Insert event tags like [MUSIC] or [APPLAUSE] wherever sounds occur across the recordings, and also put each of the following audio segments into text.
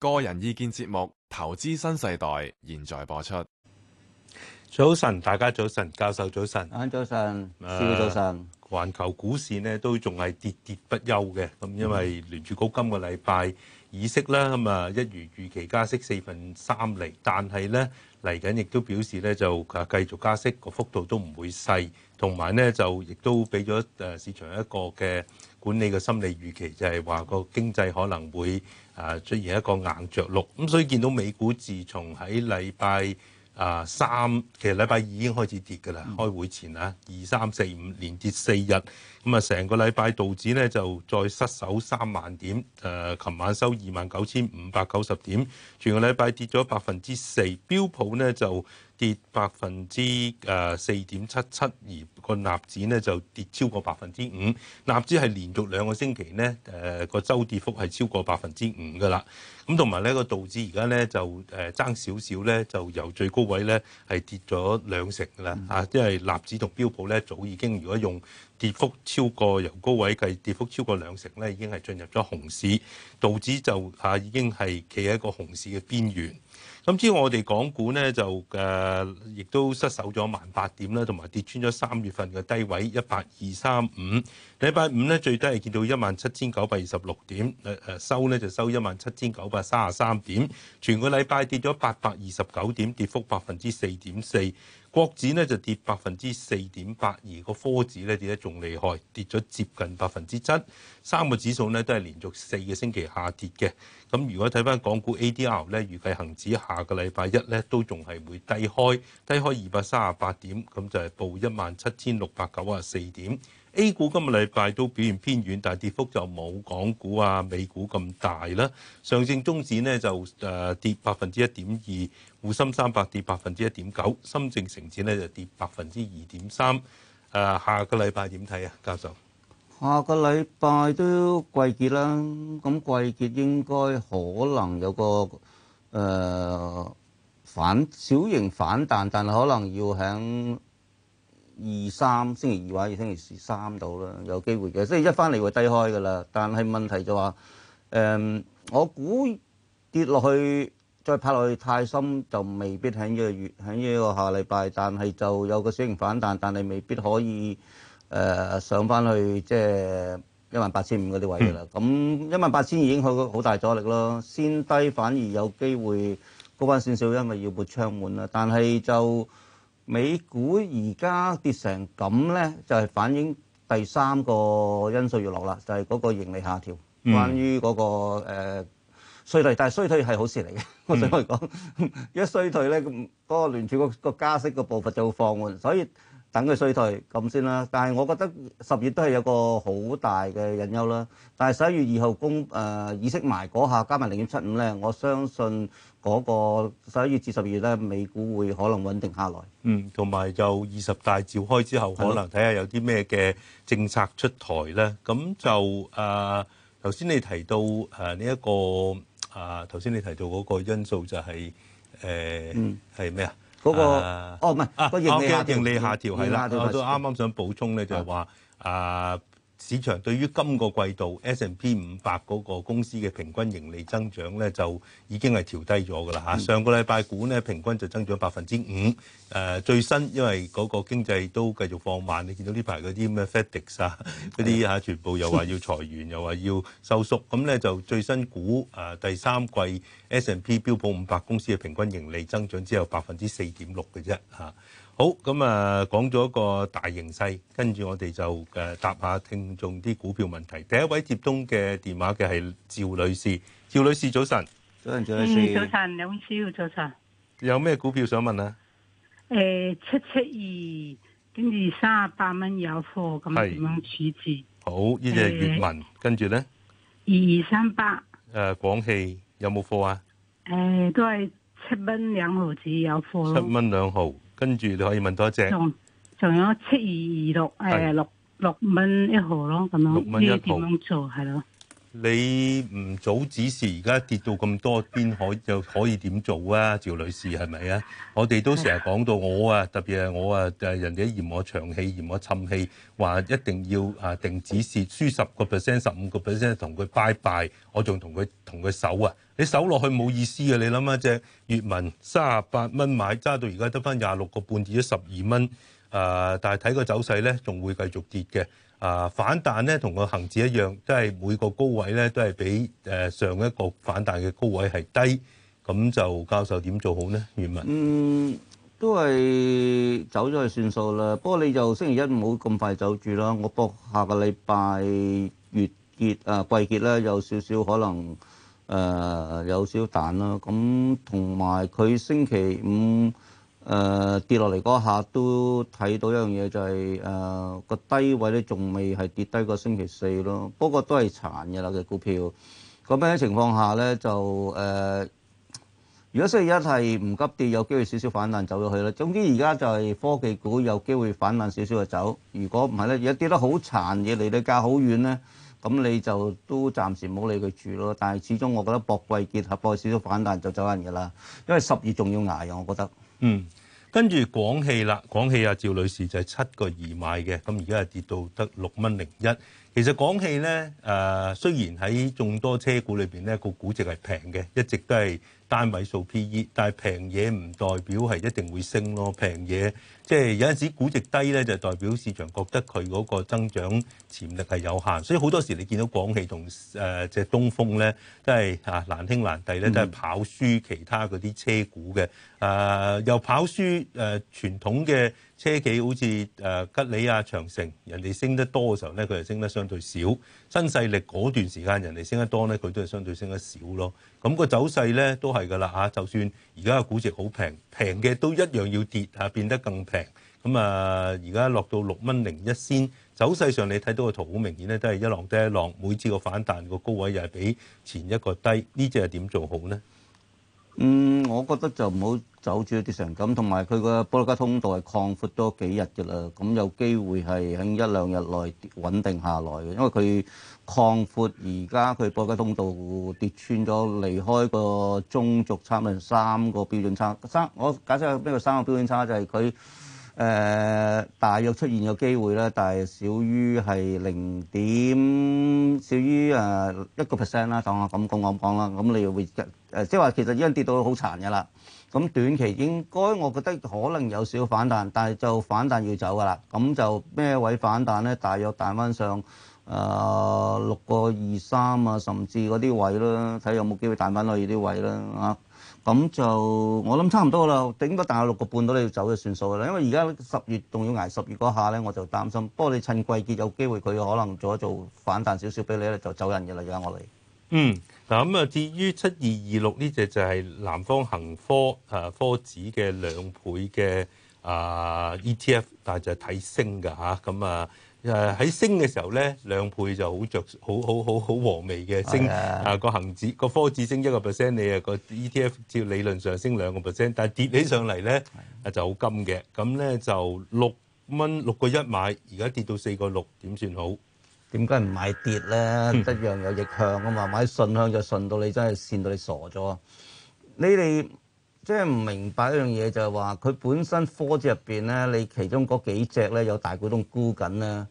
個人意見節目《投資新世代》現在播出。早晨，大家早晨，教授早晨，早晨，先生早晨。環球股市呢都仲係跌跌不休嘅，咁因為聯儲局今個禮拜議息啦，咁啊一如預期加息四分三厘，但係呢嚟緊亦都表示呢就繼續加息，個幅度都唔會細，同埋呢就亦都俾咗誒市場一個嘅管理嘅心理預期，就係話個經濟可能會。啊！出現一個硬着陸咁，嗯，所以見到美股自從喺禮拜啊三，其實禮拜二已經開始跌㗎啦。開會前啊，二三四五連跌四日，咁啊成個禮拜道指呢就再失守三萬點。誒、啊，琴晚收二萬九千五百九十點，全個禮拜跌咗百分之四。標普呢就跌百分之誒四點七七，而個納指呢就跌超過百分之五，納指係連續兩個星期呢誒個周跌幅係超過百分之五㗎啦。咁同埋呢個道指而家呢就誒爭少少呢，就由最高位呢係跌咗兩成㗎啦。嚇、嗯，即係納指同標普呢，早已經如果用跌幅超過由高位計跌幅超過兩成呢，已經係進入咗熊市。道指就嚇已經係企喺一個熊市嘅邊緣。咁至於我哋港股呢，就誒、呃、亦都失守咗萬八點啦，同埋跌穿咗三月份嘅低位，一八二三五，禮拜五呢，最低係見到一萬七千九百二十六點，誒誒，收呢就收一萬七千九百三十三點，全個禮拜跌咗八百二十九點，跌幅百分之四點四。國指咧就跌百分之四點八，而個科指咧跌得仲厲害，跌咗接近百分之七。三個指數咧都係連續四個星期下跌嘅。咁如果睇返港股 ADR 咧，預計恒指下個禮拜一咧都仲係會低開，低開二百三十八點，咁就係報一萬七千六百九啊四點。A 股今日禮拜都表現偏軟，但係跌幅就冇港股啊、美股咁大啦。上證綜指呢就誒跌百分之一點二，滬深三百跌百分之一點九，深證成指呢就跌百分之二點三。誒、啊，下個禮拜點睇啊，教授？下個禮拜都季結啦，咁季結應該可能有個誒、呃、反小型反彈，但係可能要響。二三星期二或者星期三到啦，有機會嘅，即係一翻嚟會低開嘅啦。但係問題就話，誒、嗯，我估跌落去再拍落去太深就未必喺呢個月喺呢個下禮拜。但係就有個小型反彈，但係未必可以誒、呃、上翻去即係一萬八千五嗰啲位嘅啦。咁一萬八千已經去到好大阻力咯。先低反而有機會高返少少，因為要撥窗門啦。但係就美股而家跌成咁呢，就係、是、反映第三個因素要落啦，就係、是、嗰個盈利下調。嗯、關於嗰、那個、呃、衰退，但係衰退係好事嚟嘅，我想講。如果、嗯、 [LAUGHS] 衰退呢，咁、那、嗰個聯儲個，個加息個步伐就會放緩，所以等佢衰退咁先啦。但係我覺得十月都係有個好大嘅隱憂啦。但係十一月二號公誒、呃、意識埋嗰下，加埋零點七五呢，我相信。嗰個十一月至十二月咧，美股會可能穩定下來。嗯，同埋就二十大召開之後，的可能睇下有啲咩嘅政策出台咧。咁就啊，頭、呃、先你提到誒呢一個啊，頭、呃、先你提到嗰個因素就係、是、誒，係、呃、咩、嗯、啊？嗰個哦唔係個盈利下調，我盈利下調係啦。我都啱啱想補充咧，就係話啊。市場對於今個季度 S and P 五百嗰個公司嘅平均盈利增長咧，就已經係調低咗㗎啦嚇。上個禮拜股咧平均就增長百分之五。誒、呃、最新因為嗰個經濟都繼續放慢，你見到呢排嗰啲咩 FedEx 啊嗰啲嚇，全部又話要裁員，又話要收縮。咁咧就最新股誒、呃、第三季、呃、S and [LAUGHS] P 標普五百公司嘅平均盈利增長只有百分之四點六嘅啫嚇。好咁啊，講咗個大形勢，跟住我哋就誒答下聽眾啲股票問題。第一位接通嘅電話嘅係趙女士，趙女士早晨，早晨，早晨，你好，早晨。有咩股票想問啊？誒，七七二，跟住三十八蚊有貨咁點樣處置？好，呢隻係疑問。跟住咧，二二三八。誒，廣汽有冇貨啊？誒，都係七蚊兩毫紙有貨咯，七蚊兩毫。跟住你可以問多一隻，仲有七二二六，誒，六六蚊一毫咯，咁樣唔知點樣做，係咯。你唔早止蝕而家跌到咁多，邊可又可以點做啊？趙女士係咪啊？我哋都成日講到我啊，特別係我啊，人哋嫌我長氣，嫌我沉氣，話一定要啊定止蝕，輸十個 percent、十五個 percent，同佢拜拜。我仲同佢同佢守啊！你守落去冇意思啊。你諗下隻粵文三十八蚊買，揸到而家得返廿六個半，跌咗十二蚊，誒、呃，但係睇個走勢咧，仲會繼續跌嘅。啊，反彈咧同個恆指一樣，都係每個高位咧都係比誒上一個反彈嘅高位係低，咁就教授點做好呢？原文嗯，都係走咗去算數啦。不過你就星期一唔好咁快走住啦。我博下個禮拜月結啊季結咧有少少可能誒、呃、有少少彈啦。咁同埋佢星期五。誒、呃、跌落嚟嗰下都睇到一樣嘢、就係，就係誒個低位咧仲未係跌低個星期四咯。不過都係殘嘅啦嘅股票。咁樣嘅情況下咧，就誒、呃、如果星期一係唔急跌，有機會少少反彈走咗去咧。總之而家就係科技股有機會反彈少少就走。如果唔係咧，而家跌得好殘嘅，離你價好遠咧，咁你就都暫時冇理佢住咯。但係始終我覺得博貴結合，博少少反彈就走人㗎啦。因為十二仲要捱啊，我覺得。嗯，跟住廣汽啦，廣汽啊趙女士就係七個二買嘅，咁而家係跌到得六蚊零一。其實廣汽咧，誒、呃、雖然喺眾多車股裏邊咧，個估值係平嘅，一直都係單位數 PE，但係平嘢唔代表係一定會升咯，平嘢。即係有陣時估值低咧，就是、代表市場覺得佢嗰個增長潛力係有限，所以好多時你見到廣汽同誒隻東風咧，都係啊難兄難弟咧，南南都係跑輸其他嗰啲車股嘅。誒、呃、又跑輸誒、呃、傳統嘅車企，好似誒吉利啊、長城，人哋升得多嘅時候咧，佢就升得相對少。新勢力嗰段時間，人哋升得多咧，佢都係相對升得少咯。咁、那個走勢咧都係㗎啦嚇，就算而家嘅估值好平，平嘅都一樣要跌啊，變得更平。咁啊！而家落到六蚊零一仙，走勢上你睇到個圖好明顯咧，都係一浪低一浪，每次個反彈個高位又係比前一個低。呢隻係點做好咧？嗯，我覺得就唔好走住，跌成咁，同埋佢個保力加通道係擴闊多幾日嘅啦。咁有機會係喺一兩日內穩定下來嘅，因為佢擴闊而家佢保力加通道跌穿咗，離開個中軸差唔多三個標準差。三，我解釋下邊個三個標準差就係佢。誒、呃、大約出現嘅機會咧，但係少於係零點，少於誒一個 percent 啦。當我咁講，我咁講啦。咁、啊、你又會誒、呃，即係話其實已經跌到好殘嘅啦。咁短期應該，我覺得可能有少反彈，但係就反彈要走噶啦。咁就咩位反彈咧？大約彈翻上誒六個二三啊，甚至嗰啲位啦，睇有冇機會彈翻去啲位啦嚇。啊咁就我諗差唔多啦，頂多大約六個半到你就走就算數啦。因為而家十月仲要捱十月嗰下咧，我就擔心。不過你趁季節有機會，佢可能做一做反彈少少俾你咧，就走人嘅啦，而家我哋。嗯，嗱咁啊，至於七二二六呢隻就係南方恒科啊科指嘅兩倍嘅啊、uh, ETF，但係就係睇升嘅嚇咁啊。誒喺，啊、升嘅時候咧，兩倍就好着，好好好好和味嘅升啊，啊個恒指個科指升一個 percent，你啊個 ETF 照理論上升兩個 percent，但係跌起上嚟咧啊就好金嘅，咁咧就六蚊六個一買，而家跌到四個六點算好？點解唔買跌咧？一、嗯、樣有逆向啊嘛，買順向就順到你真係蝕到你傻咗。你哋。即係唔明白一樣嘢，就係話佢本身貨資入邊咧，你其中嗰幾隻咧有大股東沽緊咧，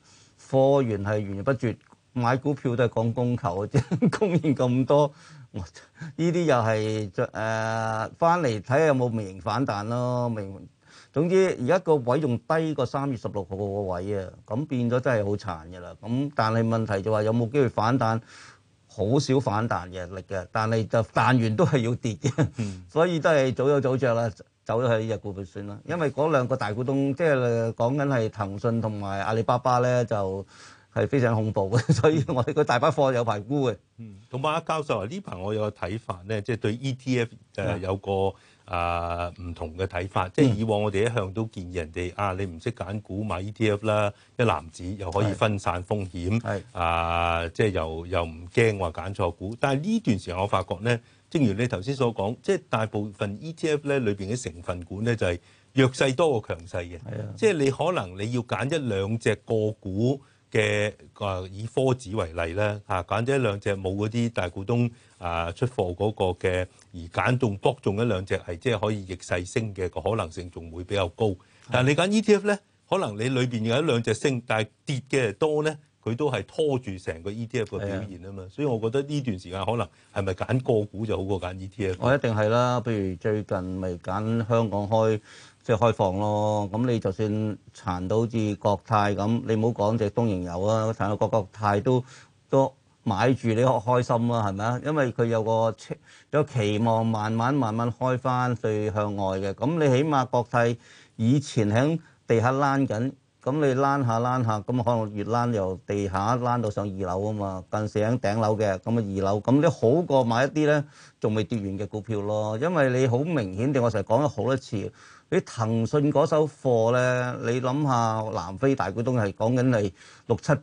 貨源係源源不絕買股票都係講供求嘅啫，供應咁多，呢啲又係誒返嚟睇下有冇微型反彈咯，微型總之而家個位仲低過三月十六號個位啊，咁變咗真係好殘嘅啦。咁但係問題就話有冇機會反彈？好少反彈嘅力嘅，但係就彈完都係要跌嘅，嗯、所以都係早有早著啦，走咗去日股算啦。因為嗰兩個大股東即係講緊係騰訊同埋阿里巴巴咧，就係、是、非常恐怖嘅，所以我哋個大筆貨有排沽嘅。嗯，同埋阿教授呢排我有個睇法咧，即、就、係、是、對 ETF 誒有個。嗯有個啊，唔同嘅睇法，即係以往我哋一向都建議人哋啊，你唔識揀股買 ETF 啦，一攬子又可以分散風險，的啊，即係又又唔驚話揀錯股。但係呢段時間我發覺咧，正如你頭先所講，即係大部分 ETF 咧裏邊嘅成分股咧就係弱勢多過強勢嘅，的即係你可能你要揀一兩隻個股。嘅啊，以科指為例咧，嚇揀咗一兩隻冇嗰啲大股東啊出貨嗰個嘅，而揀中搏中一兩隻係，即係可以逆勢升嘅個可能性仲會比較高。但係你揀 ETF 咧，可能你裏邊有一兩隻升，但係跌嘅多咧，佢都係拖住成個 ETF 嘅表現啊嘛。所以我覺得呢段時間可能係咪揀個股就好過揀 ETF？我一定係啦。譬如最近咪揀香港開。即係開放咯，咁你就算殘到好似國泰咁，你唔好講隻東營油啊，殘到個國泰都都買住，你開心啦、啊，係咪啊？因為佢有個有個期望，慢慢慢慢開翻對向外嘅，咁你起碼國泰以前喺地下躝緊。咁你攔下攔下，咁可能越攔由地下攔到上二樓啊嘛，近時喺頂樓嘅，咁啊二樓，咁你好過買一啲咧，仲未跌完嘅股票咯，因為你好明顯地，我成日講咗好多次，你騰訊嗰手貨咧，你諗下南非大股東係講緊係六七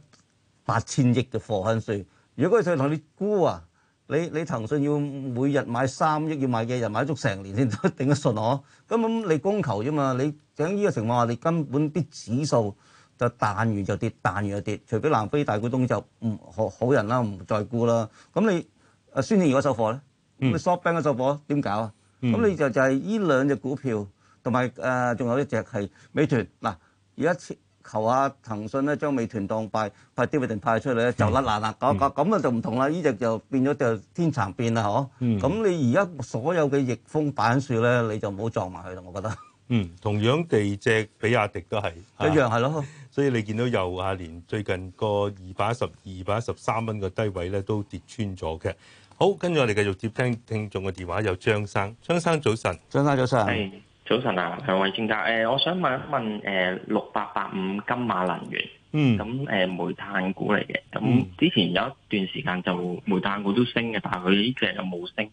八千億嘅貨倉稅，如果佢再同你沽啊？你你騰訊要每日買三億，要買幾日買足成年先頂得順嗬？咁咁你供求啫嘛？你響呢個情況下，你根本啲指數就彈完就跌，彈完就跌。除非南非大股東就唔好好人啦，唔再沽啦。咁你啊，孫正義嗰手貨咧，你 SoftBank 嗰手貨點搞啊？咁你就就係呢兩隻股票同埋誒，仲有一隻係美團嗱，而家求啊！騰訊咧將美團當幣，派啲股定派出嚟咧、嗯、就甩爛爛，搞搞咁啊就唔同啦！呢隻就變咗就天蠶變啦，嗬、嗯！咁你而家所有嘅逆風板樹咧，你就唔好撞埋佢啦，我覺得。嗯，同樣地，隻比亞迪都係一樣係咯、啊。所以你見到又啊，連最近個二百一十二、百一十三蚊嘅低位咧都跌穿咗嘅。好，跟住我哋繼續接聽聽眾嘅電話，有張生，張生早晨，張生早晨。早晨啊，兩位專家，誒，我想問一問，誒，六八八五金馬能源，嗯，咁誒煤炭股嚟嘅，咁之前有一段時間就煤炭股都升嘅，但係佢呢隻又冇升，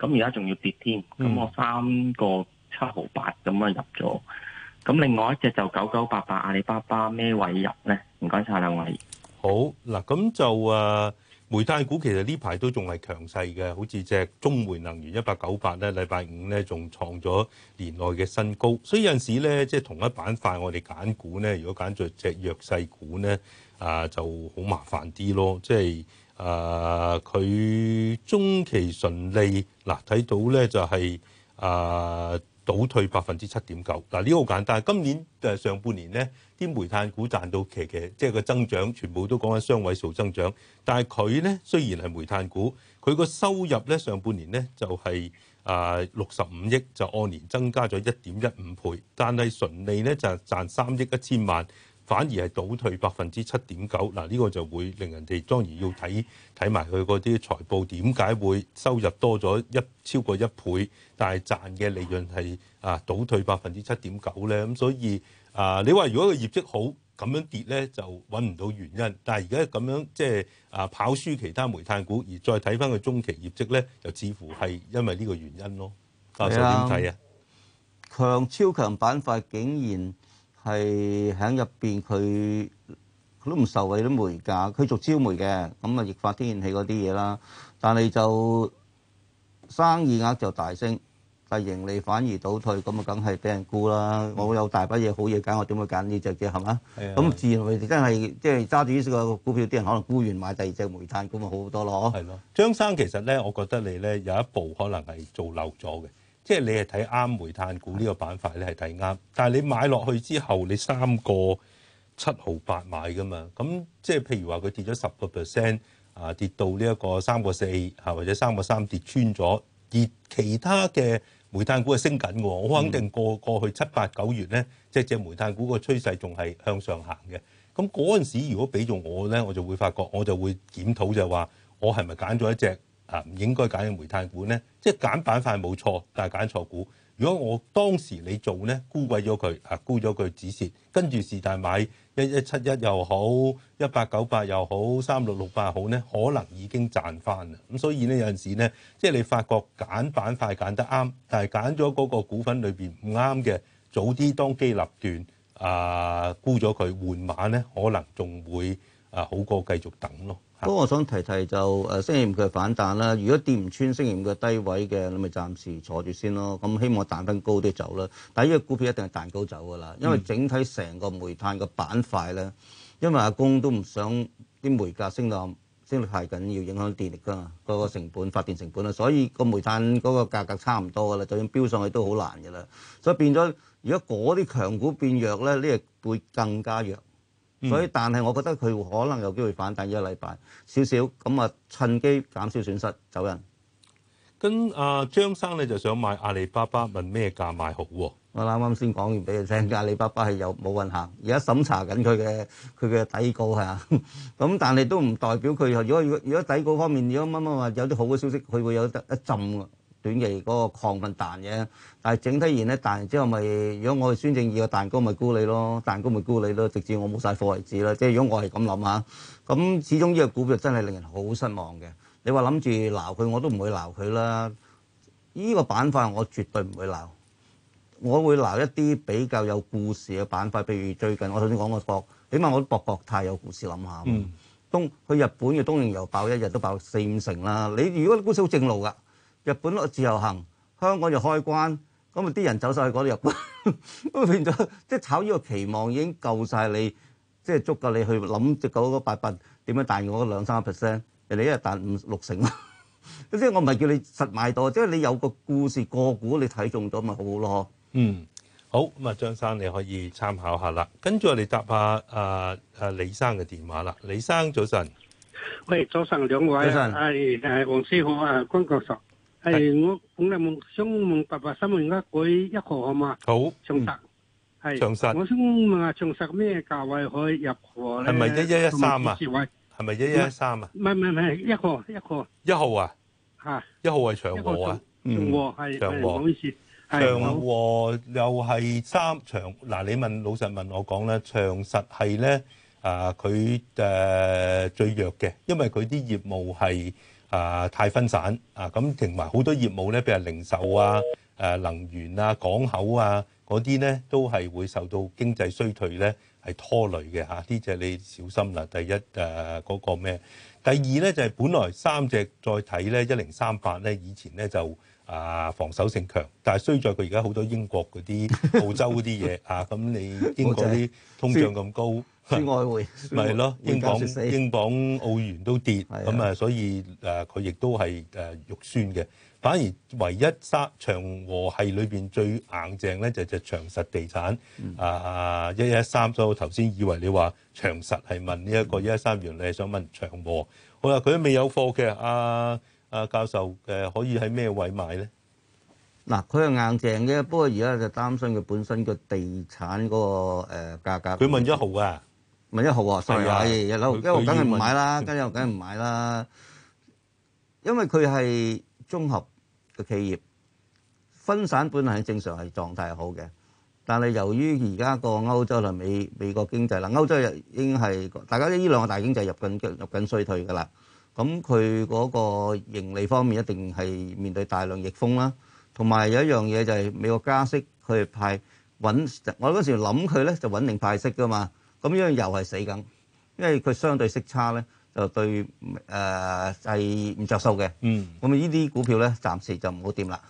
咁而家仲要跌添，咁我三個七毫八咁啊入咗，咁另外一隻就九九八八阿里巴巴咩位入咧？唔該晒兩位好嗱，咁就誒。煤炭股其實呢排都仲係強勢嘅，好似隻中煤能源一八九八咧，禮拜五咧仲創咗年內嘅新高。所以有陣時咧，即係同一板塊我哋揀股咧，如果揀咗隻弱勢股咧，啊、呃、就好麻煩啲咯。即係啊，佢、呃、中期純利嗱睇、呃、到咧就係、是、啊。呃倒退百分之七點九，嗱，呢個好簡單，今年誒上半年呢啲煤炭股賺到騎騎，即係個增長全部都講緊雙位數增長。但係佢呢，雖然係煤炭股，佢個收入呢上半年呢就係啊六十五億，就按年增加咗一點一五倍，但係純利呢，就係賺三億一千萬。反而係倒退百分之七點九，嗱、這、呢個就會令人哋當然要睇睇埋佢嗰啲財報，點解會收入多咗一超過一倍，但係賺嘅利潤係啊倒退百分之七點九咧，咁、啊、所以啊你話如果個業績好咁樣跌咧就揾唔到原因，但係而家咁樣即係啊跑輸其他煤炭股，而再睇翻佢中期業績咧，就似乎係因為呢個原因咯。教授點睇啊？強、啊啊、超強板塊竟然。係喺入邊佢，佢都唔受惠啲煤價，佢做焦煤嘅，咁啊液化天然氣嗰啲嘢啦，但係就生意額就大升，但係盈利反而倒退，咁啊梗係俾人沽啦。我有大把嘢好嘢揀，我點會揀呢隻啫？係嘛？咁、啊、自然咪真係，即係揸住呢個股票啲人可能沽完買第二隻煤炭，咁咪好好多咯，係咯，張生其實咧，我覺得你咧有一步可能係做漏咗嘅。即係你係睇啱煤炭股呢個板塊，你係睇啱。但係你買落去之後，你三個七毫八買噶嘛？咁即係譬如話佢跌咗十個 percent，啊跌到呢一個三個四啊，或者三個三跌穿咗。而其他嘅煤炭股係升緊喎，我肯定過過去七八九月咧，只隻煤炭股個趨勢仲係向上行嘅。咁嗰陣時如果俾咗我咧，我就會發覺，我就會檢討就係話，我係咪揀咗一隻？啊，唔應該揀煤炭股呢，即係揀板塊冇錯，但係揀錯股。如果我當時你做呢，沽貴咗佢，啊沽咗佢止蝕，跟住是但買一一七一又好，一八九八又好，三六六八又好呢，可能已經賺翻啦。咁所以呢，有陣時呢，即係你發覺揀板塊揀得啱，但係揀咗嗰個股份裏邊唔啱嘅，早啲當機立斷啊沽咗佢，換馬呢，可能仲會啊好過繼續等咯。不過我想提提就誒，星期五佢反彈啦。如果跌唔穿星期五嘅低位嘅，咁咪暫時坐住先咯。咁希望彈得高啲走啦。但係依個股票一定係彈高走㗎啦，因為整體成個煤炭個板塊咧，因為阿公都唔想啲煤價升到升到太緊要，影響電力㗎嘛，個個成本發電成本啊，所以個煤炭嗰個價格差唔多㗎啦，就算飆上去都好難㗎啦。所以變咗，如果嗰啲強股變弱咧，呢個會更加弱。所以，但係我覺得佢可能有機會反彈一個禮拜少少，咁啊趁機減少損失走人。跟啊、呃、張生你就想買阿里巴巴，問咩價買好喎、啊？我啱啱先講完俾你聽，阿里巴巴係有冇運行？而家審查緊佢嘅佢嘅底稿係啊，咁 [LAUGHS] 但係都唔代表佢。如果如果如果底稿方面如果啱啱話有啲好嘅消息，佢會有得一浸㗎。短期嗰個亢奮彈嘅，但係整體而言咧，彈完之後咪如果我係孫正義嘅蛋糕咪沽你咯，蛋糕咪沽你咯，直至我冇晒貨為止啦。即係如果我係咁諗下，咁始終呢個股票真係令人好失望嘅。你話諗住鬧佢，我都唔會鬧佢啦。呢、這個板塊我絕對唔會鬧，我會鬧一啲比較有故事嘅板塊，譬如最近我頭先講個博，起碼我博國泰有故事諗下。嗯。東去日本嘅東瀛遊爆一日都爆四五成啦。你如果股市好正路㗎？日本攞自由行，香港就開關，咁啊啲人走晒去嗰度入關，變咗即係炒呢個期望已經夠晒，你，即係足夠你去諗隻狗嗰八百點樣彈嗰兩三個 percent，人哋一日彈五六成咯。即係我唔係叫你實買到，即係你有個故事個股你，你睇中咗咪好咯。嗯，好咁啊，張生你可以參考下啦。跟住我哋答下啊啊李生嘅電話啦。李生早晨，喂早晨兩位，係誒黃師傅啊，君教授。係我本嚟問想問白白新匯改一號好嘛？好長實係長實，我想問下長實咩價位可以入貨咧？係咪一一一三啊？係咪一一一三啊？唔係唔係唔係，一個一個一號啊？吓一號係長和啊？長和係、嗯、長和，唔好意思，長和又係三長嗱。你問老實問我講咧，長實係咧啊，佢、呃、誒最弱嘅，因為佢啲業務係。啊，太分散啊！咁停埋好多業務咧，譬如零售啊、誒、啊、能源啊、港口啊嗰啲咧，都係會受到經濟衰退咧係拖累嘅嚇。呢、啊、只你小心啦，第一誒嗰、啊嗰個咩？第二咧就係、係、本來三隻再睇咧一零三八咧，以前咧就啊防守性強，但係衰在佢而家好多英國嗰啲澳洲嗰啲嘢啊，咁你英國啲通脹咁高。 [LAUGHS] 外匯咪係咯， [LAUGHS] [LAUGHS] 英鎊榜加英鎊澳元都跌，咁 [LAUGHS] 是啊，所以誒佢亦都係誒肉酸嘅。反而唯一三長和係裏邊最硬淨咧，就就長實地產、呃、3，啊！一一三，所以我頭先以為你話長實係問呢、這、一個一一三元，你係想問長和？好啦，佢都未有貨嘅。阿、啊、阿、啊、教授誒、啊，可以喺咩位買咧？嗱，佢係硬淨嘅，不過而家就擔心佢本身嘅地產嗰個誒價格。佢 [LAUGHS] 問咗豪啊！唔係一號啊，sorry 啊，一樓一號梗係唔買啦，一樓梗係唔買啦。因為佢係綜合嘅企業，分散本嚟正常係狀態好嘅。但係由於而家個歐洲同美美國經濟啦，歐洲已經係大家呢兩個大經濟入緊入緊衰退噶啦。咁佢嗰個盈利方面一定係面對大量逆風啦。同埋有一樣嘢就係美國加息，佢係派穩。我嗰時諗佢咧就穩定派息噶嘛。咁樣又係死緊，因為佢相對息差咧就對誒係唔着數嘅。嗯，咁啊呢啲股票咧暫時就唔好掂啦。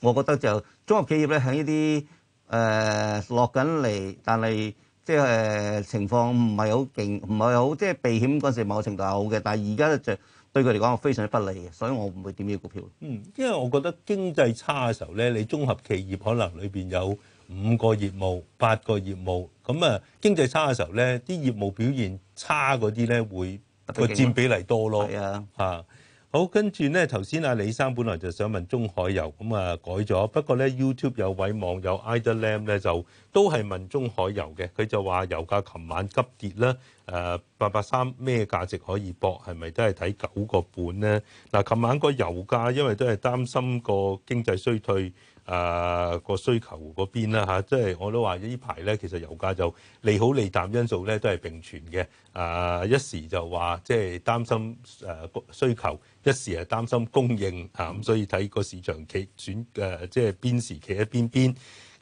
我覺得就綜合企業咧喺呢啲誒落緊嚟，但係即係情況唔係好勁，唔係好即係避險嗰陣時某程度係好嘅，但係而家就對佢嚟講非常之不利嘅，所以我唔會掂呢啲股票。嗯，因為我覺得經濟差嘅時候咧，你綜合企業可能裏邊有。五個業務、八個業務，咁啊經濟差嘅時候呢，啲業務表現差嗰啲呢，會個佔比例多咯。啊，嚇好。跟住呢，頭先阿李生本來就想問中海油，咁啊改咗。不過呢 YouTube 有位網友 Ida Lam 咧就都係問中海油嘅，佢就話油價琴晚急跌啦。誒八八三咩價值可以搏？係咪都係睇九個半呢？」嗱，琴晚個油價因為都係擔心個經濟衰退。啊個需求嗰邊啦嚇、啊，即係我都話呢排咧，其實油價就利好利淡因素咧都係並存嘅。啊一時就話即係擔心誒、啊、需求，一時係擔心供應啊，咁，所以睇個市場企轉誒即係邊時企喺邊邊。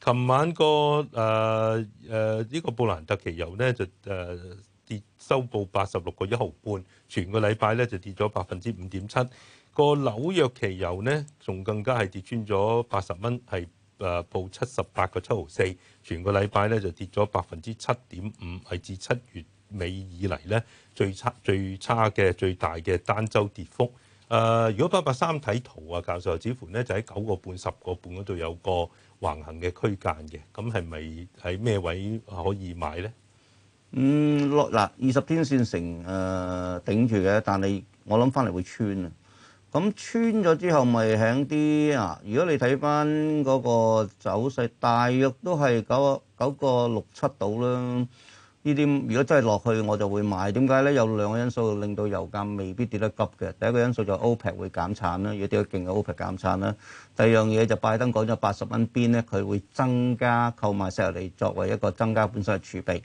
琴晚個誒誒呢個布蘭特期油咧就誒跌收報八十六個一毫半，全個禮拜咧就跌咗百分之五點七。個紐約期油咧，仲更加係跌穿咗八十蚊，係誒報七十八個七毫四。全個禮拜咧就跌咗百分之七點五，係自七月尾以嚟咧最差最差嘅最大嘅單周跌幅。誒、呃，如果八百三睇圖啊，教授似乎咧就喺九個半十個半嗰度有個橫行嘅區間嘅，咁係咪喺咩位可以買咧？嗯，落嗱二十天線成誒頂住嘅，但係我諗翻嚟會穿啊。咁穿咗之後，咪喺啲啊！如果你睇翻嗰個走勢，大約都係九個九個六七度啦。呢啲如果真係落去，我就會買。點解呢？有兩個因素令到油價未必跌得急嘅。第一個因素就 OPEC 會減產啦，跌得勁嘅 OPEC 減產啦。第二樣嘢就拜登講咗八十蚊邊呢，佢會增加購買石油嚟作為一個增加本身嘅儲備。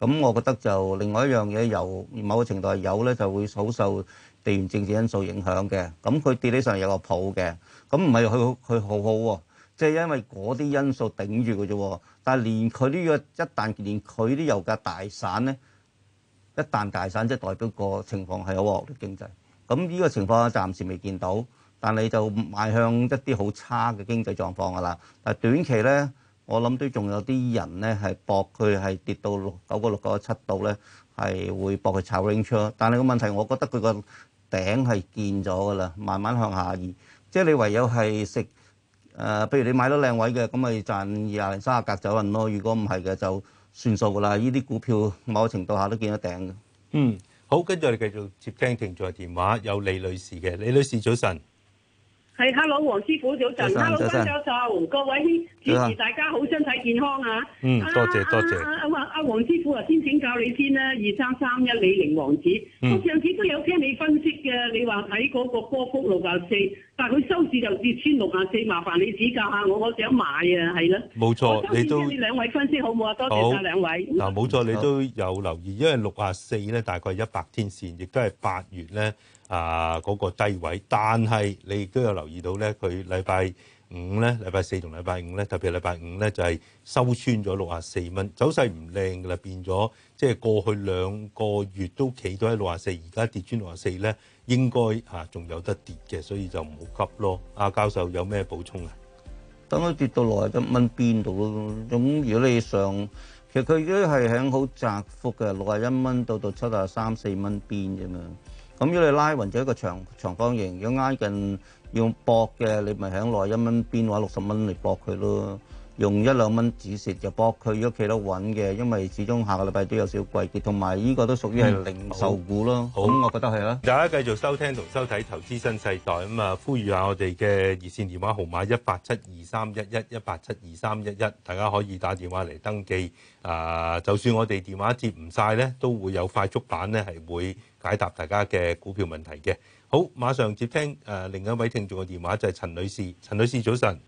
咁我覺得就另外一樣嘢，由某個程度係油呢就會好受。地緣政治因素影響嘅，咁佢跌起上有個譜嘅，咁唔係佢佢好好喎、喔，即、就、係、是、因為嗰啲因素頂住嘅啫。但係連佢呢、這個一旦連佢啲油價大散呢，一旦大散即係代表個情況係有惡劣經濟。咁呢個情況暫時未見到，但係你就邁向一啲好差嘅經濟狀況㗎啦。但短期呢，我諗都仲有啲人呢係博佢係跌到六九個六九個七度呢。係會搏佢炒 range，但係個問題，我覺得佢個頂係見咗㗎啦，慢慢向下移。即係你唯有係食誒，譬如你買到靚位嘅，咁咪賺二廿零三廿格走人咯。如果唔係嘅，就算數㗎啦。呢啲股票某程度下都見到頂嘅。嗯，好，跟住我哋繼續接聽停在電話，有李女士嘅，李女士早晨。係，hello，黃師傅，早晨。Hello，早晨，各位主持，大家好，身體健康啊！嗯，多謝多謝。阿阿黃師傅啊，先請教你先啦，二三三一李寧王子。我上次都有聽你分析嘅，你話睇嗰個波幅六廿四，但係佢收市就跌穿六廿四，麻煩你指教下我，我想買啊，係咯。冇錯，你都。我收聽你兩位分析好冇啊？多謝晒兩位。嗱，冇錯，你都有留意，因為六廿四咧，大概一百天線，亦都係八月咧。啊，嗰、那個低位，但係你亦都有留意到咧，佢禮拜五咧、禮拜四同禮拜五咧，特別係禮拜五咧就係、是、收穿咗六十四蚊，走勢唔靚噶啦，變咗即係過去兩個月都企到喺六十四，而家跌穿六十四咧，應該啊仲有得跌嘅，所以就唔好急咯。阿、啊、教授有咩補充啊？等佢跌到六十一蚊邊度咯？咁如果你上，其實佢都係喺好窄幅嘅，六十一蚊到到七十三四蚊邊咁嘛。咁如果你拉勻咗一個長長方形，如果挨近用博嘅，你咪喺內一蚊邊話六十蚊嚟博佢咯，用一兩蚊止蝕就博佢。如果企得穩嘅，因為始終下個禮拜都有少少季節，同埋呢個都屬於係零售股咯。咁、嗯嗯嗯、我覺得係啦。大家繼續收聽同收睇《投資新世代》咁、嗯、啊，呼籲下我哋嘅熱線電話號碼一八七二三一一一八七二三一一，11, 11，大家可以打電話嚟登記。啊、呃，就算我哋電話接唔晒咧，都會有快速版咧係會。解答大家嘅股票問題嘅，好，馬上接聽誒，另一位聽眾嘅電話，就係陳女士。陳女士早晨，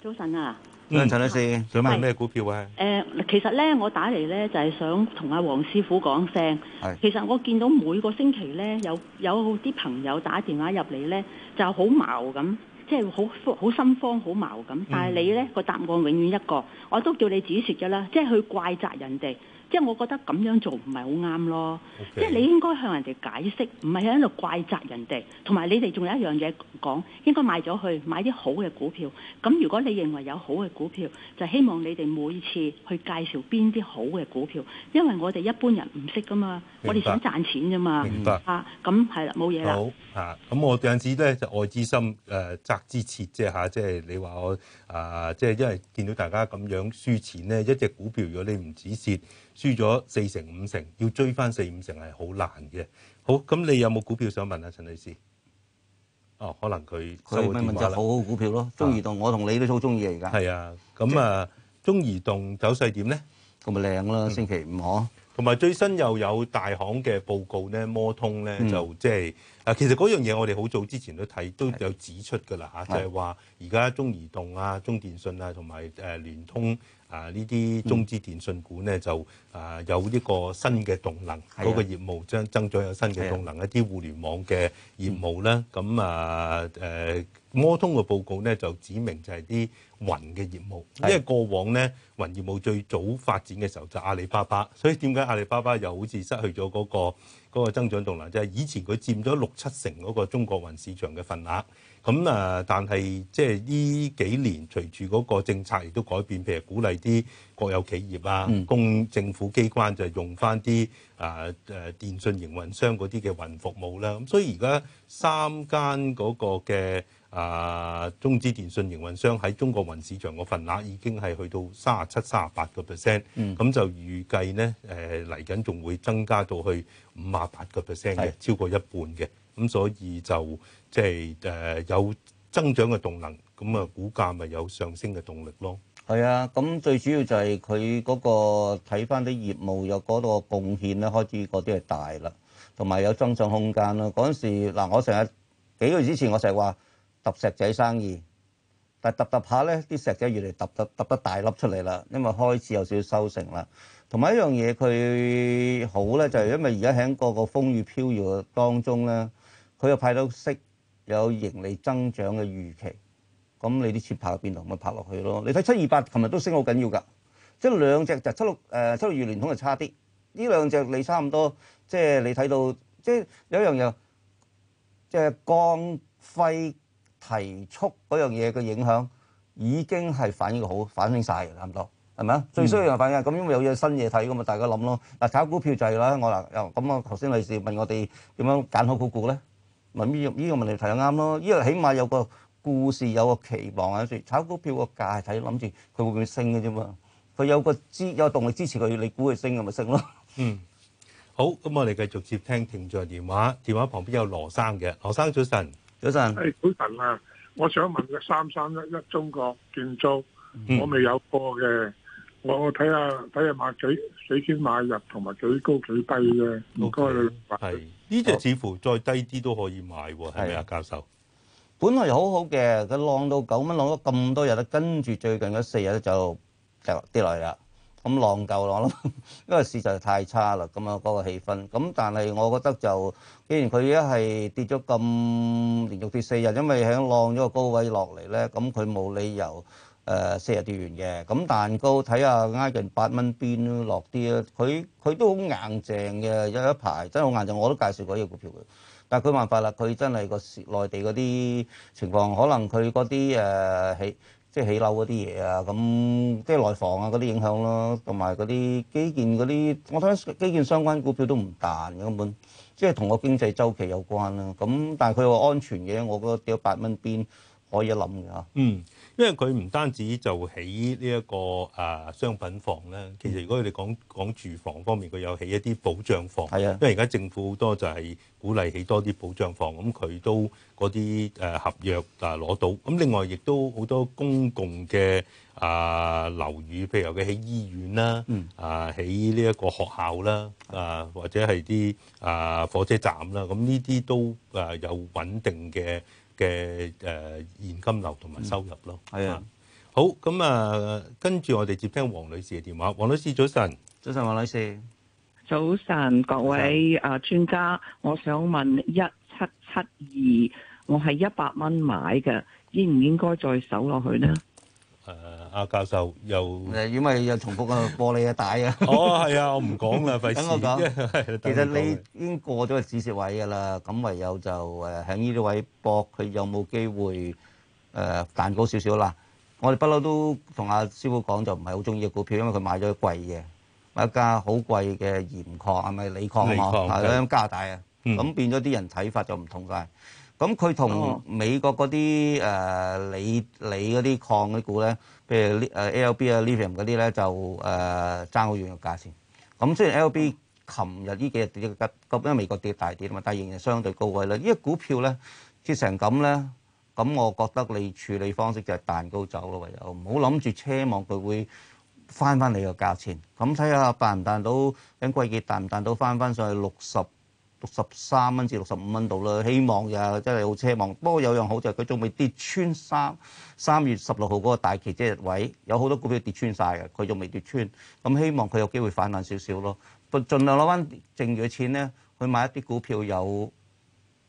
早晨啊，嗯，陳女士想問咩股票啊？誒，其實咧，我打嚟咧就係想同阿黃師傅講聲，係。其實我見到每個星期咧有有啲朋友打電話入嚟咧就好矛咁，即係好好心慌好矛咁。但係你咧個答案永遠一個，我都叫你止蝕嘅啦，即係去怪責人哋。即係我覺得咁樣做唔係好啱咯，Okay. 即係你應該向人哋解釋，唔係喺度怪責人哋，同埋你哋仲有一樣嘢講，應該買咗去買啲好嘅股票。咁如果你認為有好嘅股票，就希望你哋每次去介紹邊啲好嘅股票，因為我哋一般人唔識噶嘛，白我哋想賺錢啫嘛，明白啊，咁係啦，冇嘢啦。啊，咁我上次咧就愛之深誒、呃、責之切啫吓，即係你話我啊，即係因為見到大家咁樣輸錢咧，一隻股票如果你唔止蝕。輸咗四成五成，要追翻四五成係好難嘅。好，咁你有冇股票想問啊，陳女士？哦，可能佢，佢問就好好股票咯，中移動，我同你都好中意嚟噶。係啊，咁啊，中移動走勢點咧？咁咪靚咯，星期五嗬。同埋最新又有大行嘅報告咧，摩通咧就即係啊，其實嗰樣嘢我哋好早之前都睇都有指出噶啦嚇，就係話而家中移動啊、中電信啊同埋誒聯通。啊！呢啲中資電信股咧就啊有呢個新嘅動能，嗰的個業務將增，增長有新嘅動能，的一啲互聯網嘅業務咧，咁、嗯、啊誒摩、啊啊啊、通嘅報告咧就指明就係啲雲嘅業務，的因為過往咧雲業務最早發展嘅時候就係阿里巴巴，所以點解阿里巴巴又好似失去咗嗰、那個嗰、那個增長動能，就係、是、以前佢佔咗六七成嗰個中國雲市場嘅份額。咁啊！但係即係呢幾年隨住嗰個政策亦都改變，譬如鼓勵啲國有企業啊、嗯、公政府機關就用翻啲啊誒電信營運商嗰啲嘅雲服務啦。咁所以而家三間嗰個嘅啊、呃、中資電信營運商喺中國雲市場嘅份額已經係去到三十七、三十八個 percent。咁就預計咧誒嚟緊仲會增加到去五十八個 percent 嘅，超過一半嘅。咁、嗯、所以就即係誒有增長嘅動能，咁、嗯、啊股價咪有上升嘅動力咯。係啊，咁最主要就係佢嗰個睇翻啲業務有嗰個貢獻咧，開始嗰啲係大啦，同埋有增長空間啦。嗰陣時嗱、啊，我成日幾個月之前我成日話揼石仔生意，但係揼揼下咧，啲石仔越嚟揼得揼得大粒出嚟啦，因為開始有少少收成啦。同埋一樣嘢，佢好咧，就係、是、因為而家喺個個風雨飄搖嘅當中咧。佢又派到息，有盈利增長嘅預期，咁你啲錢拍入邊度咪拍落去咯。你睇七二八，琴日都升好緊要㗎，即係兩隻就七六誒、呃、七六二聯通就差啲，呢兩隻你差唔多，即係你睇到即係有一樣嘢，即係降費提速嗰樣嘢嘅影響已經係反映好反映晒，嘅差唔多，係咪啊？最需要樣反應，咁、嗯、因為有嘢新嘢睇，咁嘛，大家諗咯。嗱，炒股票就係、是、啦，我嗱又咁啊，頭先李師問我哋點樣揀好股股咧？問呢個呢個問題睇得啱咯，呢個起碼有個故事，有個期望啊！住炒股票個價係睇諗住佢會唔會升嘅啫嘛，佢有個支有個動力支持佢，你估佢升咁咪升咯。嗯，好，咁我哋繼續接聽停著電話，電話旁邊有羅生嘅，羅生早晨，早晨。早晨、哎、啊，我想問個三三一一中國建築，我未有過嘅。嗯嗯我睇下睇下買水，水先買入同埋水高水低嘅，唔該你。呢隻，okay，似乎再低啲都可以買喎，係啊，oh，教授。本來好好嘅，佢浪到九蚊，浪咗咁多日啦，跟住最近嗰四日咧就跌落嚟啦。咁浪夠啦，因為市就太差啦，咁啊嗰個氣氛。咁但係我覺得就，既然佢一係跌咗咁連續跌四日，因為響浪咗個高位落嚟咧，咁佢冇理由。誒、呃、四日跌完嘅，咁蛋糕睇下挨近八蚊邊咯，落啲啦。佢佢都好硬淨嘅，有一排真係好硬淨，我都介紹過呢隻股票嘅。但係佢辦法啦，佢真係個內地嗰啲情況，可能佢嗰啲誒起即係起樓嗰啲嘢啊，咁即係內房啊嗰啲影響咯，同埋嗰啲基建嗰啲，我睇基建相關股票都唔彈嘅，根本即係同個經濟周期有關啦。咁但係佢話安全嘅，我覺得跌八蚊邊可以諗嘅嚇。嗯。因為佢唔單止就起呢一個啊，商品房咧，其實如果佢哋講，講住房方面，佢有起一啲保障房。係啊的，因為而家政府好多就係鼓勵起多啲保障房，咁佢都嗰啲誒合約啊攞到。咁另外亦都好多公共嘅啊樓宇，譬如佢起醫院啦，嗯、啊起呢一個學校啦，啊或者係啲啊火車站啦，咁呢啲都誒有穩定嘅嘅誒現金流同埋收入咯，係啊、嗯，好，咁啊，跟住我哋接聽黃女士嘅電話。黃女士早晨，早晨黃女士，早晨各位晨啊專家，我想問一七七二，我係一百蚊買嘅，應唔應該再守落去呢？誒阿、啊、教授又誒，因為、啊、又重複過你嘅底啊！ [LAUGHS] 哦，係啊，我唔講啦，費事。 [LAUGHS] 等我講。其實你已經過咗個止蝕位嘅啦，咁唯有就誒喺呢啲位博，佢有冇機會誒、呃、彈高少少啦？我哋不嬲都同阿師傅講，就唔係好中意嘅股票，因為佢買咗貴嘢，買一間好貴嘅鹽礦啊，咪理礦啊，係加拿大啊，咁變咗啲人睇法就唔同曬。咁佢同美國嗰啲誒鋰鋰嗰啲礦嗰啲股咧，譬如誒 ALB 啊、Lithium 嗰啲咧，就誒爭好遠嘅價錢。咁雖然 ALB 琴日呢幾日跌得，根本因為美國跌大啲啊嘛，但係仍然係相對高位啦。呢隻股票咧跌成咁咧，咁我覺得你處理方式就係彈高走咯，唯有唔好諗住奢望佢會翻翻你個價錢。咁睇下彈唔彈到，喺季節彈唔彈到翻翻上去六十。六十三蚊至六十五蚊度啦，希望呀，真係好奢望。不過有樣好就係佢仲未跌穿三三月十六號嗰個大旗即日位，有好多股票跌穿晒嘅，佢仲未跌穿。咁希望佢有機會反彈少少咯，盡量攞翻剩餘嘅錢咧去買一啲股票有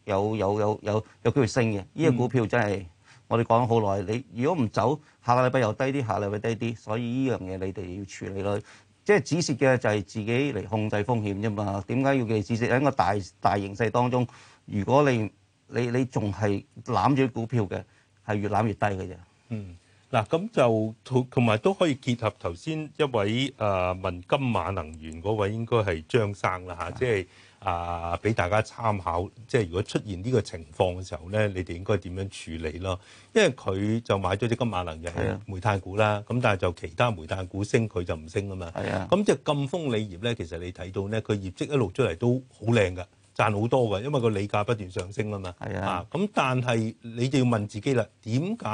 有有有有有機會升嘅。呢個股票真係我哋講咗好耐，你如果唔走，下個禮拜又低啲，下個禮拜低啲，所以呢樣嘢你哋要處理咯。即係止蝕嘅就係自己嚟控制風險啫嘛，點解要嘅止蝕喺個大大形勢當中，如果你你你仲係攬住股票嘅，係越攬越低嘅啫。嗯，嗱咁就同同埋都可以結合頭先一位誒問、呃、金馬能源嗰位應該係張生啦吓，即係。啊！俾大家參考，即係如果出現呢個情況嘅時候咧，你哋應該點樣處理咯？因為佢就買咗隻金馬能嘅煤炭股啦，咁的但係就其他煤炭股升，佢就唔升啊嘛。係啊的，咁即係金豐理業咧，其實你睇到咧，佢業績一路出嚟都好靚噶，賺好多噶，因為個理價不斷上升啊嘛。係的啊，咁但係你就要問自己啦，點解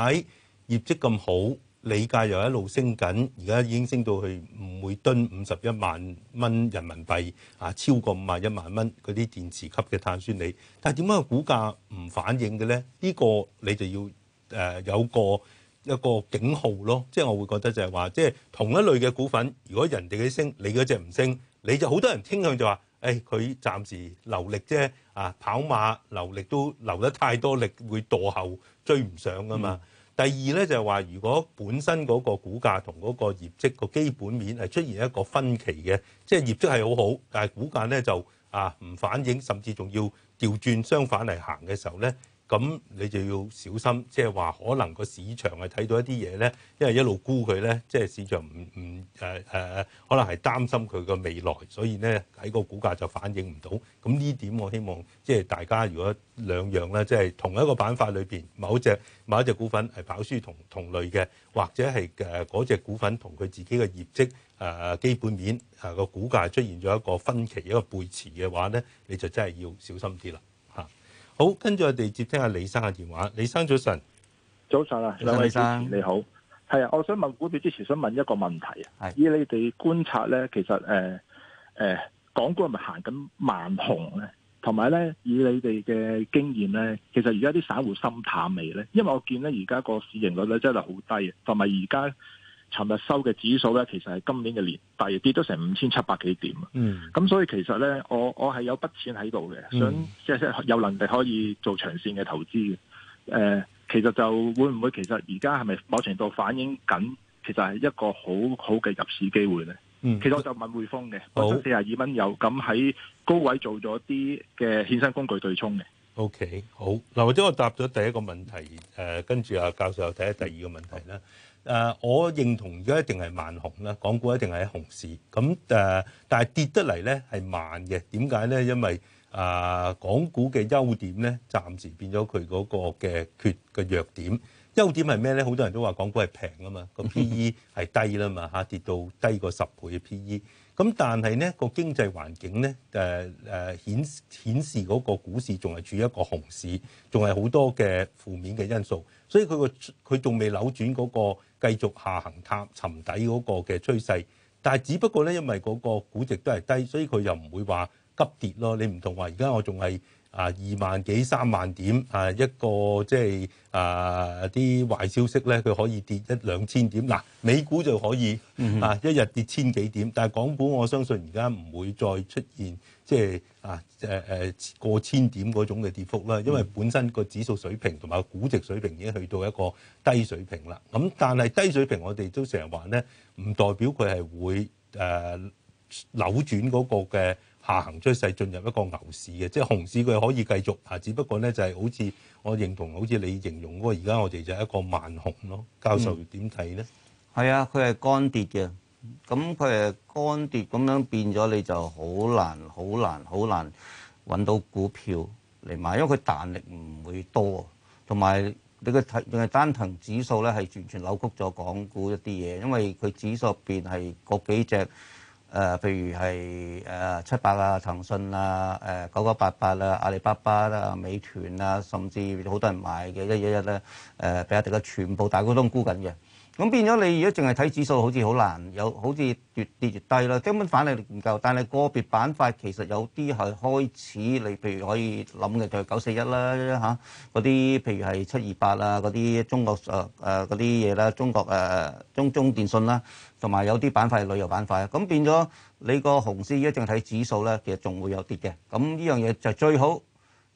業績咁好？理價又一路升緊，而家已經升到去每噸五十一萬蚊人民幣啊，超過五萬一萬蚊嗰啲電池級嘅碳酸鋰，但係點解個股價唔反映嘅咧？呢、這個你就要誒、呃、有一個一個警號咯，即、就、係、是、我會覺得就係話，即、就、係、是、同一類嘅股份，如果人哋嘅升，你嗰隻唔升，你就好多人傾向就話誒佢暫時留力啫啊，跑馬留力都流得太多力，會墮後追唔上噶嘛。嗯第二咧就係話，如果本身嗰個股價同嗰個業績個基本面係出現一個分歧嘅，即係業績係好好，但係股價咧就啊唔反映，甚至仲要調轉相反嚟行嘅時候咧。咁你就要小心，即係話可能個市場係睇到一啲嘢呢，因為一路沽佢呢，即係市場唔唔誒誒，可能係擔心佢個未來，所以呢，喺個股價就反映唔到。咁呢點我希望即係大家如果兩樣呢，即係同一個板塊裏邊某隻某隻股份係跑輸同同類嘅，或者係誒嗰隻股份同佢自己嘅業績誒、呃、基本面誒個、啊、股價出現咗一個分歧、一個背馳嘅話呢，你就真係要小心啲啦。好，跟住我哋接聽下李生嘅電話。李生早晨，早晨啊，兩位生你好，係啊，我想問股票之前想問一個問題啊的、呃呃，以你哋觀察咧，其實誒誒，港股係咪行緊慢熊咧？同埋咧，以你哋嘅經驗咧，其實而家啲散戶心淡未咧？因為我見咧而家個市盈率咧真係好低，同埋而家。尋日收嘅指數咧，其實係今年嘅年大，跌咗成五千七百幾點啊！咁、嗯、所以其實咧，我我係有筆錢喺度嘅，想、嗯、即係有能力可以做長線嘅投資嘅。誒、呃，其實就會唔會其實而家係咪某程度反映緊，其實係一個好好嘅入市機會咧？嗯、其實我就問匯豐嘅，好我收四廿二蚊有，咁喺高位做咗啲嘅衍生工具對沖嘅。OK，好嗱，或者我答咗第一個問題，誒、呃，跟住阿教授又睇下第二個問題啦。誒，uh, 我認同而家一定係慢熊啦，港股一定係喺熊市。咁誒，uh, 但係跌得嚟咧係慢嘅。點解咧？因為誒，uh, 港股嘅優點咧，暫時變咗佢嗰個嘅缺嘅弱點。優點係咩咧？好多人都話港股係平啊嘛，個 P E 係低啦嘛，下跌到低過十倍嘅 P E。咁但係咧，個經濟環境咧，誒誒顯顯示嗰個股市仲係處於一個熊市，仲係好多嘅負面嘅因素，所以佢個佢仲未扭轉嗰個繼續下行探沉底嗰個嘅趨勢。但係只不過咧，因為嗰個估值都係低，所以佢又唔會話急跌咯。你唔同話而家我仲係。啊，二萬幾三萬點啊，一個即係、就是、啊啲壞消息咧，佢可以跌一兩千點。嗱、啊，美股就可以啊，一日跌千幾點。但係港股，我相信而家唔會再出現即係、就是、啊誒誒、啊、過千點嗰種嘅跌幅啦。因為本身個指數水平同埋估值水平已經去到一個低水平啦。咁、啊、但係低水平我，我哋都成日話咧，唔代表佢係會誒、啊、扭轉嗰個嘅下行趨勢進入一個牛市嘅，即係熊市佢可以繼續啊，只不過咧就係好似我認同，好似你形容嗰個而家我哋就係一個慢熊咯。教授點睇咧？係啊、嗯，佢係乾跌嘅，咁佢係乾跌咁樣變咗，你就好難、好難、好難揾到股票嚟買，因為佢彈力唔會多，同埋你個睇，仲係單藤指數咧係完全扭曲咗港股一啲嘢，因為佢指數邊係嗰幾隻。誒，譬、呃、如係誒、呃、七百啊、騰訊啊、誒、呃、九九八八啊、阿里巴巴啊、美團啊，甚至好多人買嘅一一一咧，誒比亞迪咧全部大股東沽緊嘅。咁變咗你而家淨係睇指數好，好似好難有，好似越跌越低啦，根本反彈力唔夠。但係個別板塊其實有啲係開始，你譬如可以諗嘅就係九四一啦嚇，嗰啲譬如係七二八啊，嗰啲中國誒誒嗰啲嘢啦，中國誒、呃、中中電信啦，同埋有啲板塊旅遊板塊啊。咁變咗你個熊市而家淨係睇指數咧，其實仲會有跌嘅。咁呢樣嘢就最好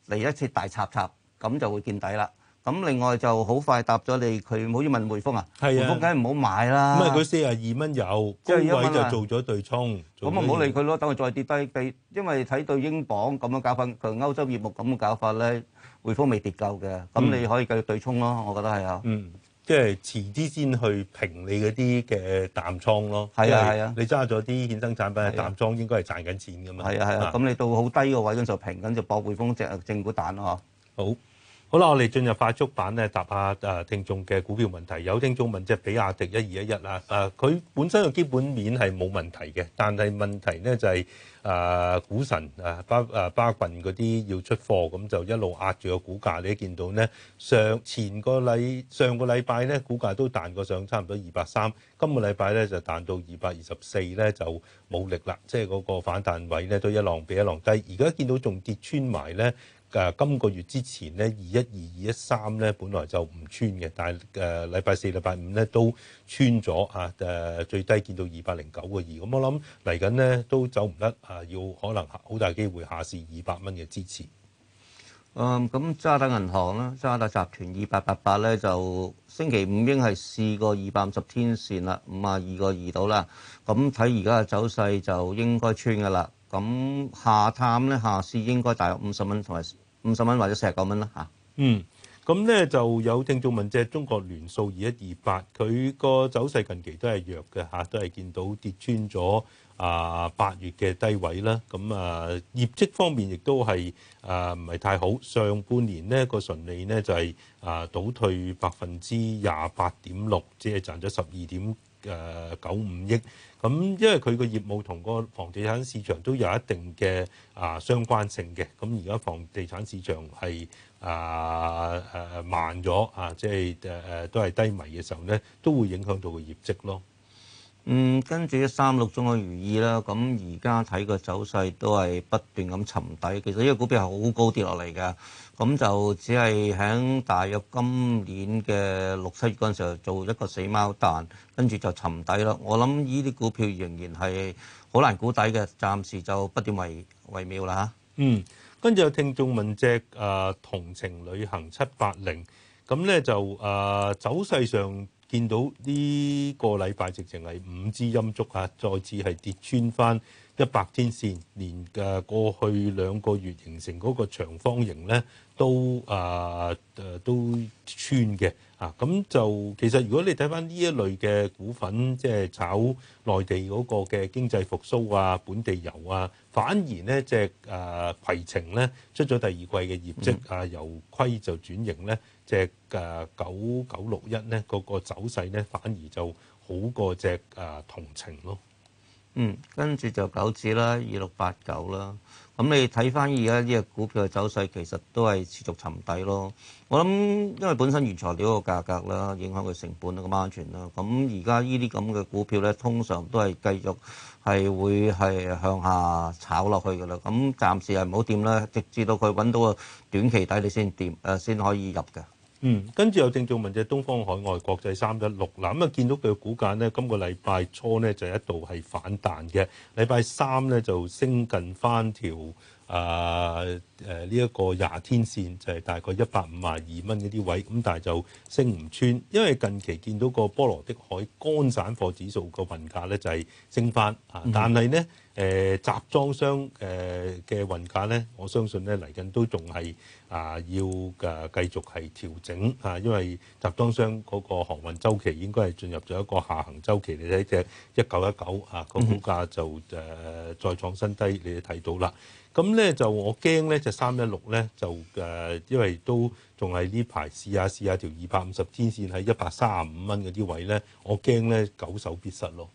嚟一次大插插，咁就會見底啦。咁另外就好快答咗你，佢唔好意思問匯豐啊，匯豐梗係唔好買啦。咁啊，佢四十二蚊有高位就做咗對沖，咁啊唔好理佢咯，等佢再跌低。第因為睇對英鎊咁樣搞法，佢歐洲業務咁樣搞法咧，匯豐未跌夠嘅，咁你可以繼續對沖咯，我覺得係啊、嗯。嗯，即係遲啲先去平你嗰啲嘅淡倉咯。係啊係啊，你揸咗啲衍生產品嘅、啊、淡倉應該係賺緊錢嘅嘛。係啊係啊，咁、啊、你到好低個位嗰陣時候，平緊就博匯豐隻正股彈咯好。好啦，我哋進入快速版咧，答下誒聽眾嘅股票問題。有聽眾問即係、就是、比亞迪一二一一啦，誒、啊、佢本身嘅基本面係冇問題嘅，但係問題咧就係、是、誒、啊、股神誒巴誒巴郡嗰啲要出貨，咁就一路壓住個股價。你見到咧，上前個禮上個禮，上個禮拜咧股價都彈過上差唔多二百三，今個禮拜咧就彈到二百二十四咧就冇力啦，即係嗰個反彈位咧都一浪比一浪低。而家見到仲跌穿埋咧。誒、啊、今個月之前咧，二一二二一三咧，本來就唔穿嘅，但係誒禮拜四、禮拜五咧都穿咗，啊誒最低見到二百零九個二，咁我諗嚟緊咧都走唔得，啊要可能好大機會下試二百蚊嘅支持。誒咁、嗯、渣打銀行啦，渣打集團二八八八咧就星期五應係試過二百五十天線啦，五啊二個二度啦。咁睇而家嘅走勢就應該穿噶啦。咁下探咧，下試應該大約五十蚊同埋，五十蚊或者四十九蚊啦嚇。嗯，咁咧就有聽眾問，即係中國聯數二一二八，佢個走勢近期都係弱嘅嚇，都係見到跌穿咗啊八月嘅低位啦。咁啊業績方面亦都係啊唔係太好，上半年呢個純利呢、就係，就係啊倒退百分之廿八點六，即係賺咗十二點誒九五億，咁、呃、因為佢個業務同個房地產市場都有一定嘅啊、呃、相關性嘅，咁而家房地產市場係啊誒誒慢咗啊，即係誒誒都係低迷嘅時候咧，都會影響到個業績咯。嗯，跟住一三六中嘅如意啦，咁而家睇個走勢都係不斷咁沉底。其實呢個股票係好高跌落嚟嘅，咁就只係喺大約今年嘅六七月嗰陣時候做一個死貓彈，跟住就沉底啦。我諗呢啲股票仍然係好難估底嘅，暫時就不斷為為妙啦嚇。嗯，跟住有聽眾問隻誒、啊、同程旅行七八零，咁咧就誒、啊、走勢上。見到呢個禮拜直情係五支陰燭啊，再次係跌穿翻一百天線，連誒過去兩個月形成嗰個長方形咧、呃，都誒誒都穿嘅嚇。咁、啊、就其實如果你睇翻呢一類嘅股份，即係炒內地嗰個嘅經濟復甦啊、本地遊啊，反而咧即係誒攜程咧出咗第二季嘅業績啊，由虧就轉盈咧。隻誒九九六一咧，嗰個走勢咧反而就好過隻誒同程咯。嗯，跟住就九指啦，二六八九啦。咁你睇翻而家呢隻股票嘅走勢，其實都係持續沉底咯。我諗因為本身原材料個價格啦，影響佢成本啦、安全啦。咁而家呢啲咁嘅股票咧，通常都係繼續係會係向下炒落去㗎喇。咁、嗯、暫時係唔好掂啦，直至到佢揾到個短期底你，你先掂誒，先可以入嘅。嗯，跟住有正眾問隻東方海外國際三一六，嗱咁啊見到佢股價呢，今個禮拜初呢就一度係反彈嘅，禮拜三呢就升近翻條啊誒呢一個廿天線，就係、係、大概一百五十二蚊嗰啲位，咁但係就升唔穿，因為近期見到個波羅的海乾散貨指數個運價呢，就係、係、升翻，啊，但係呢。嗯誒、呃、集裝箱誒嘅運價咧，我相信咧嚟緊都仲係啊要嘅、呃、繼續係調整嚇、啊，因為集裝箱嗰個航運周期應該係進入咗一個下行周期，你睇隻一九一九啊、嗰個股價就誒、呃、再創新低，你哋睇到啦。咁、啊、咧就我驚咧就三一六咧就誒，因為都仲係呢排試下試下條二百五十天線喺一百三十五蚊嗰啲位咧，我驚咧久守必失咯。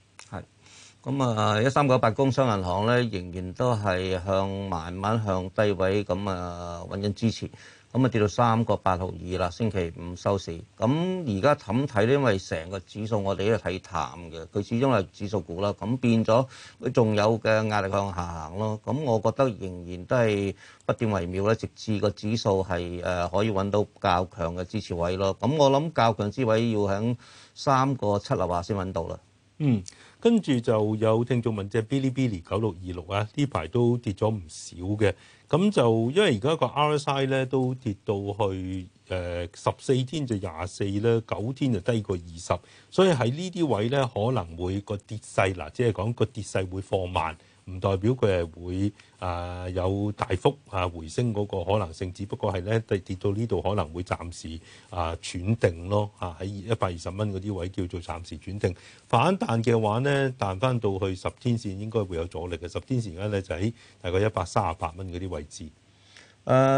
咁啊，一三九八，工商銀行咧仍然都係向慢慢向低位咁啊，揾緊支持。咁啊，跌到三個八毫二啦。星期五收市。咁而家氹睇咧，因為成個指數我哋都係睇淡嘅，佢始終係指數股啦。咁變咗佢仲有嘅壓力向下行咯。咁我覺得仍然都係不跌為妙咧，直至個指數係誒可以揾到較強嘅支持位咯。咁我諗較強支位要喺三個七樓下先揾到啦。嗯。跟住就有聽眾問，即係 Bilibili 九六二六啊，呢排都跌咗唔少嘅。咁就因為而家個 RSI 咧都跌到去誒十四天就廿四啦，九天就低過二十，所以喺呢啲位咧可能會個跌勢嗱，即係講個跌勢會放慢。唔代表佢係會啊有大幅啊回升嗰個可能性，只不過係咧跌，跌到呢度可能會暫時啊轉定咯嚇，喺一百二十蚊嗰啲位叫做暫時轉定，反彈嘅話咧，彈翻到去十天線應該會有阻力嘅，十天線而家咧就喺大概一百三十八蚊嗰啲位置。誒。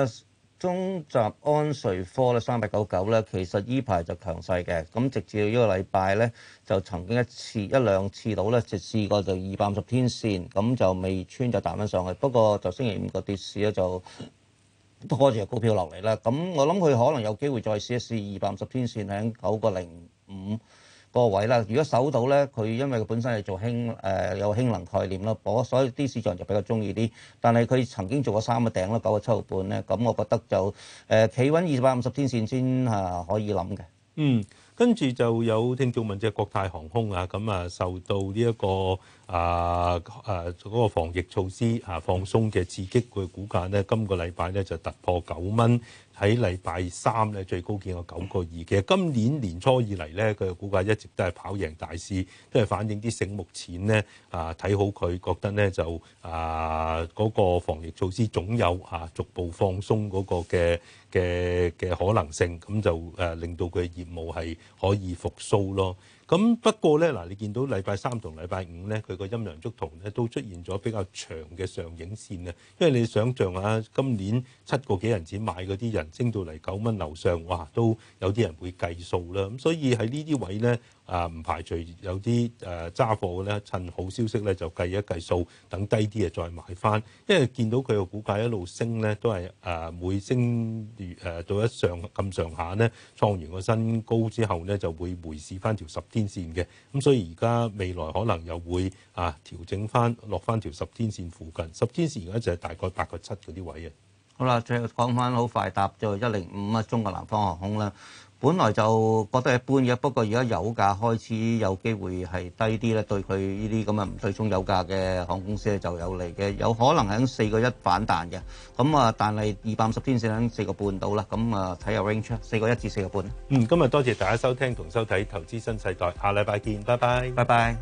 Uh, 中集安瑞科咧三百九九咧，其實依排就強勢嘅，咁直至到依個禮拜咧就曾經一次一兩次到咧，直試過就二百五十天線，咁就未穿就彈返上去。不過就星期五個跌市咧就拖住個股票落嚟啦。咁我諗佢可能有機會再試一試二百五十天線喺九個零五。個位啦，如果守到咧，佢因為佢本身係做氫誒、呃、有氫能概念啦，所所以啲市場就比較中意啲。但係佢曾經做過三個頂啦，九個七毫半咧，咁我覺得就誒企穩二百五十天線先嚇可以諗嘅。嗯，跟住就有聽眾問即係國泰航空啊，咁啊受到呢、這、一個啊啊嗰、這個、防疫措施啊放鬆嘅刺激價，佢股價咧今個禮拜咧就突破九蚊。喺禮拜三咧最高見過九個二，其實今年年初以嚟咧佢嘅股價一直都係跑贏大市，都係反映啲醒目錢咧啊睇好佢，覺得咧就啊嗰、嗰個防疫措施總有啊逐步放鬆嗰個嘅嘅嘅可能性，咁就誒、啊、令到佢業務係可以復甦咯。咁不過咧，嗱你見到禮拜三同禮拜五咧，佢個陰陽燭圖咧都出現咗比較長嘅上影線啊，因為你想象下今年七個幾銀紙買嗰啲人，升到嚟九蚊樓上，哇，都有啲人會計數啦，咁所以喺呢啲位咧。啊，唔排除有啲誒揸貨咧，趁好消息咧就計一計數，等低啲啊再買翻，因為見到佢個股價一路升咧，都係誒、啊、每升誒到一上咁上下咧，創完個新高之後咧就會回試翻條十天線嘅，咁所以而家未來可能又會啊調整翻落翻條十天線附近，十天線而家就係大概八個七嗰啲位啊。好啦，最後講翻好快答就一零五啊，中國南方航空啦。本來就覺得一般嘅，不過而家油價開始有機會係低啲咧，對佢呢啲咁嘅唔對沖油價嘅航空公司咧就有利嘅，有可能喺四個一反彈嘅。咁啊，但係二百五十天線喺四個半度啦。咁啊，睇下 range 四個一至四個半。嗯，今日多謝大家收聽同收睇《投資新世代》，下禮拜見，拜拜。拜拜。